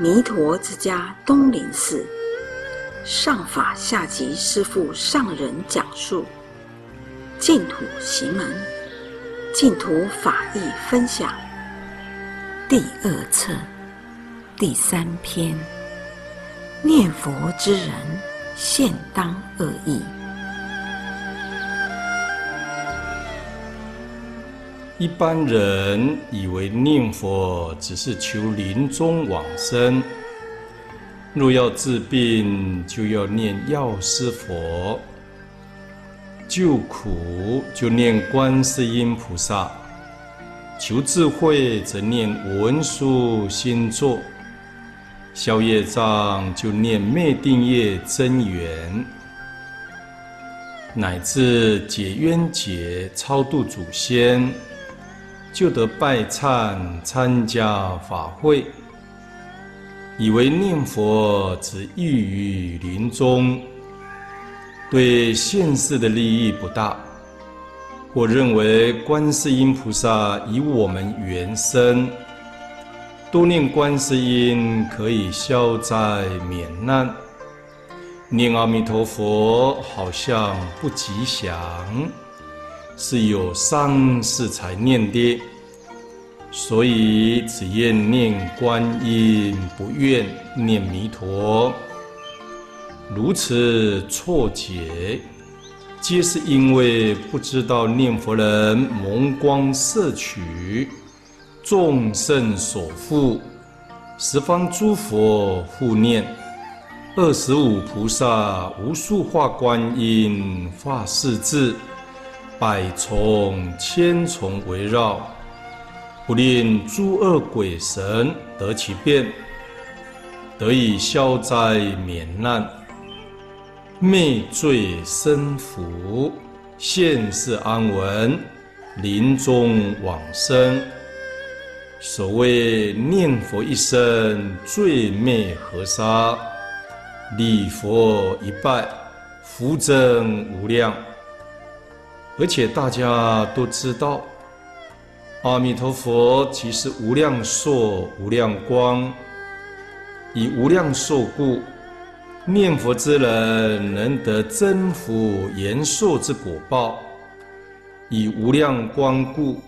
彌陀之家東林寺上法下寂師父上人講述淨土奇門淨土法義分享第二冊第三篇念佛之人現當二益。一般人以為念佛只是求臨終往生，若要治病，就要念藥師佛；救苦就念觀世音菩薩；求智慧則念文殊心咒；消業障就念滅定業真言，乃至解冤結、超度祖先。就得拜懺參,參加法會，以為念佛只益於臨終，對現世的利益不大。我認為觀世音菩薩以我們緣深，多念觀世音可以消災免難，念阿彌陀佛好像不吉祥。是有三世才念的，所以只願念觀音，不願念彌陀。如此錯解，皆是因為不知道念佛人蒙光攝取，眾聖所護，十方諸佛護念，二十五菩薩無數化觀音、化勢至。百重千重圍繞，不令諸惡鬼神得其便，得以消災免難，滅罪生福，現世安穩，臨終往生。所謂念佛一生，罪滅河沙；禮佛一拜，福增無量。而且大家都知道，阿彌陀佛，即是無量壽、無量光。以無量壽故，念佛之人能得增福延壽之果報；以無量光故，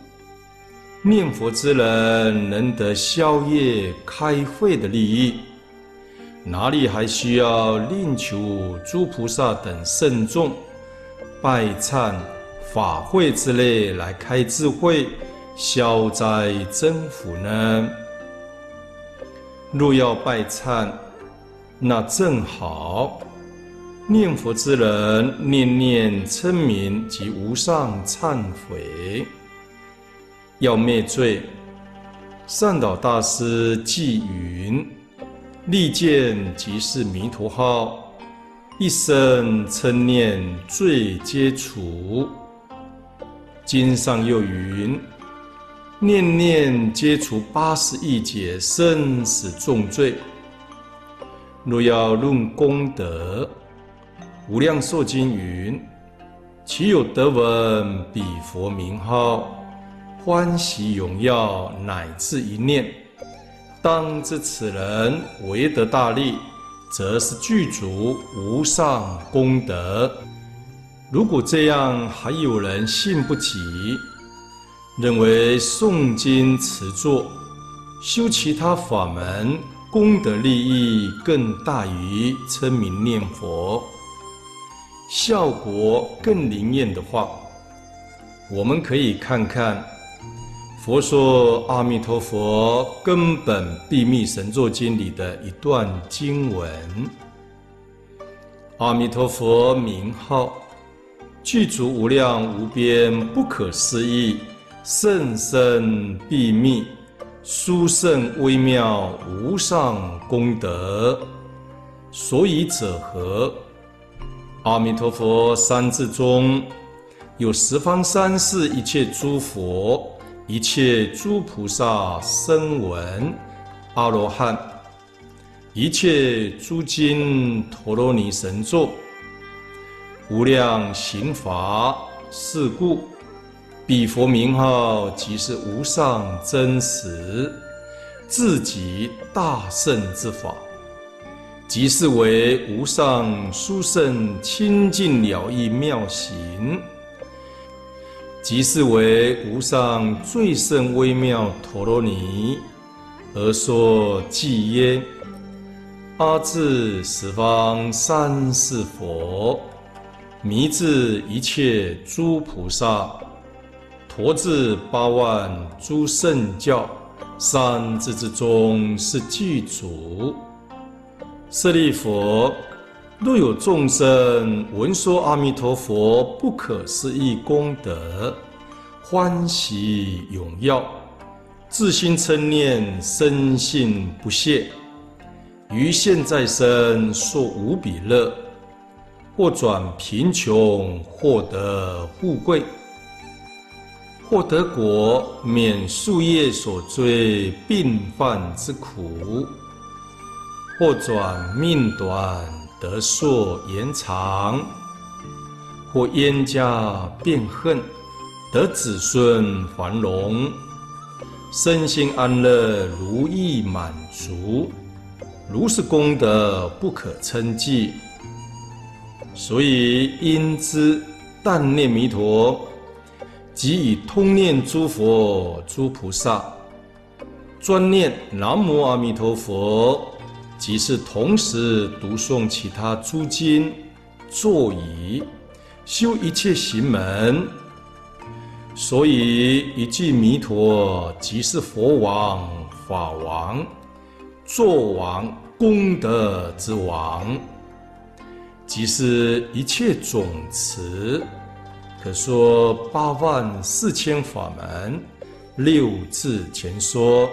念佛之人能得消業開慧的利益。哪裡還需要另求諸菩薩等聖眾拜懺，法會之類來開智慧、消災增福呢？若要拜懺，那正好念佛之人念念稱名及無上懺悔，要滅罪。善導大師偈云：“利劍即是彌陀號，一生稱念罪皆除。”經上又云：“念念皆除八十億劫生死重罪。若要論功德，無量壽經云：‘其有得聞彼佛名號，歡喜踊躍，乃至一念，’當知此人為得大利，則是具足無上功德。”如果這樣還有人信不及，認為誦經持咒，修其他法門功德利益更大於稱名念佛、效果更靈驗的話，我們可以看看《佛說阿彌陀佛根本秘密神咒經》裡的一段經文：阿彌陀佛名號，具足無量無邊不可思議甚深秘密殊勝微妙無上功德，所以者何？阿彌陀佛三字中，有十方三世一切諸佛、一切諸菩薩聲聞、阿羅漢、一切諸經陀羅尼神咒。無量行法，是故，彼佛名號即是無上真實，至極大聖之法，即是為無上殊勝清淨了義妙行，即是為無上最勝微妙陀羅尼，而說偈言：阿字十方三世佛。彌字一切諸菩薩，陀字八萬諸聖教，三字之中是具足。舍利弗，若有眾生聞說阿彌陀佛不可思議功德，歡喜踴躍，至心稱念，深信不懈，於現在身受無比樂。或轉貧窮，獲得富貴；或得果，免夙業所追、病犯之苦；或轉命短，得壽延長；或冤家變恨，得子孫繁榮，身心安樂，如意滿足。如是功德，不可稱計。所以，因之但念彌陀，即以通念諸佛、諸菩薩，專念南無阿彌陀佛，即是同時讀誦其他諸經、坐以修一切行門。所以，一句彌陀，即是佛王、法王、作王、功德之王。即是一切總持，可說八萬四千法門。六字前說，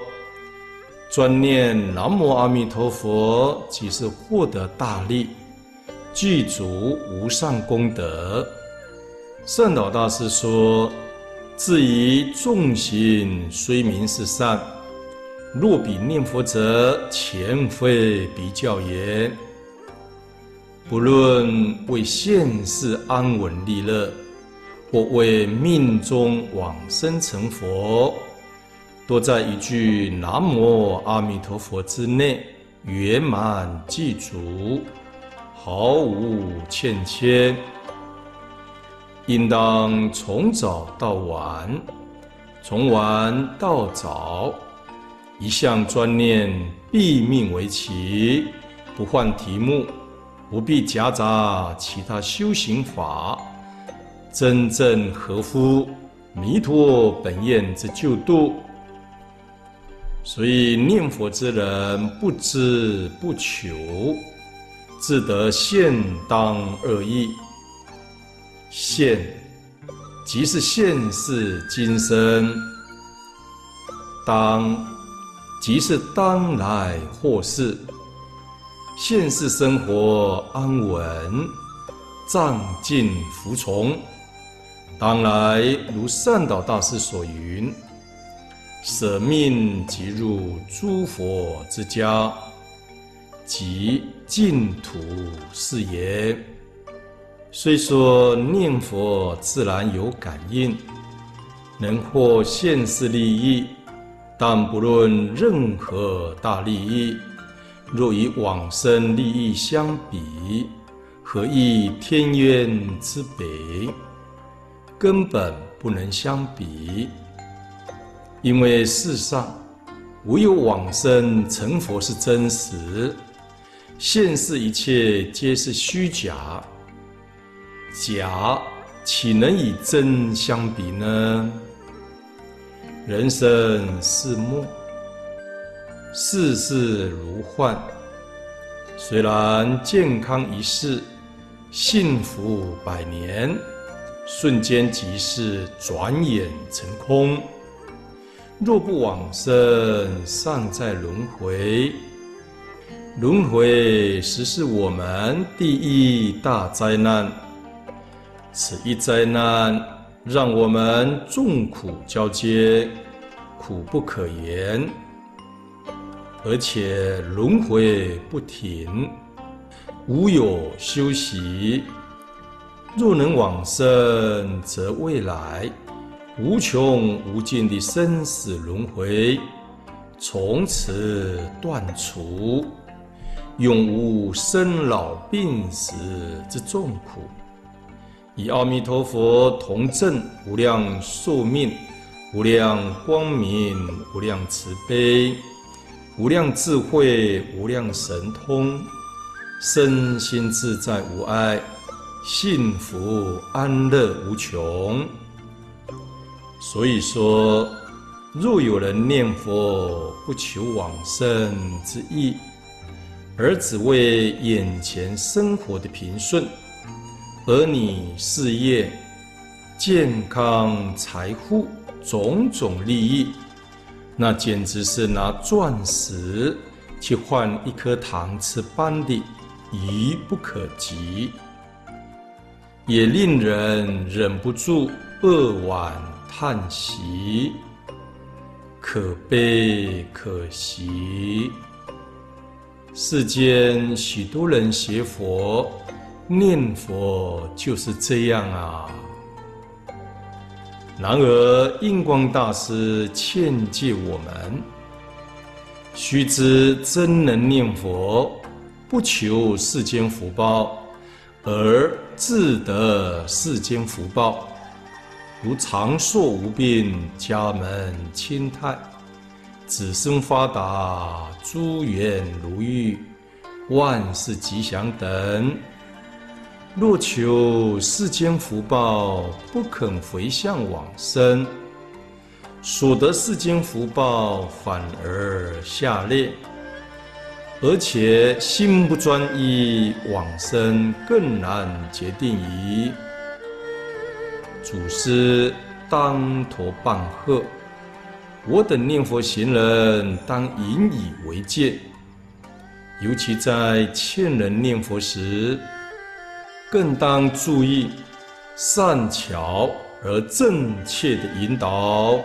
專念南無阿彌陀佛，即是獲得大利，具足無上功德。善導大師說：至於眾行，雖名是善，若比念佛者，前非比較嚴。不論為現世安穩利樂，或為命中往生成佛，都在一句南無阿彌陀佛之內圓滿具足，毫無欠缺。應當從早到晚，從晚到早，一向專念，畢命為期，不換題目。不必夾雜其他修行法，真正合乎彌陀本願之救度。所以念佛之人，不知不求，自得現當二益。現即是現世今生，當即是當來後世。現世生活安穩，仗盡服從。當來如善導大師所云：“舍命即入諸佛之家，即淨土是也。”雖說念佛自然有感應，能獲現世利益，但不論任何大利益。若與往生利益相比，何以天淵之別？根本不能相比。因為世上無有往生成佛是真實，現世一切皆是虛假，假豈能與真相比呢？人生是夢。世事如幻，雖然健康一世，幸福百年，瞬間即逝，轉眼成空。若不往生，尚在輪迴。輪迴實是我們第一大災難。此一災難，讓我們眾苦交接，苦不可言。而且輪迴不停，無有休息。若能往生，則未來無窮無盡的生死輪迴從此斷除，永無生老病死之重苦。與阿彌陀佛同證無量壽命、無量光明、無量慈悲。無量智慧，無量神通，身心自在無礙，幸福安樂無窮。所以說，若有人念佛不求往生之意，而只為眼前生活的平順、兒女事業、健康、財富種種利益。那簡直是拿鑽石去換一顆糖吃般的，愚不可及，也令人忍不住扼腕嘆息，可悲可惜。世間許多人學佛、念佛，就是這樣啊。然而印光大師勸誡我們：須知真能念佛，不求世間福報，而自得世間福報，如長壽無病、家門清泰、子孫發達、諸緣如玉、萬事吉祥等。若求世間福報，不肯回向往生，所得世間福報反而下劣，而且心不專一，往生更難決定矣。祖師當頭棒喝，我等念佛行人當引以為戒，尤其在勸人念佛時，更當注意善巧而正確的引導。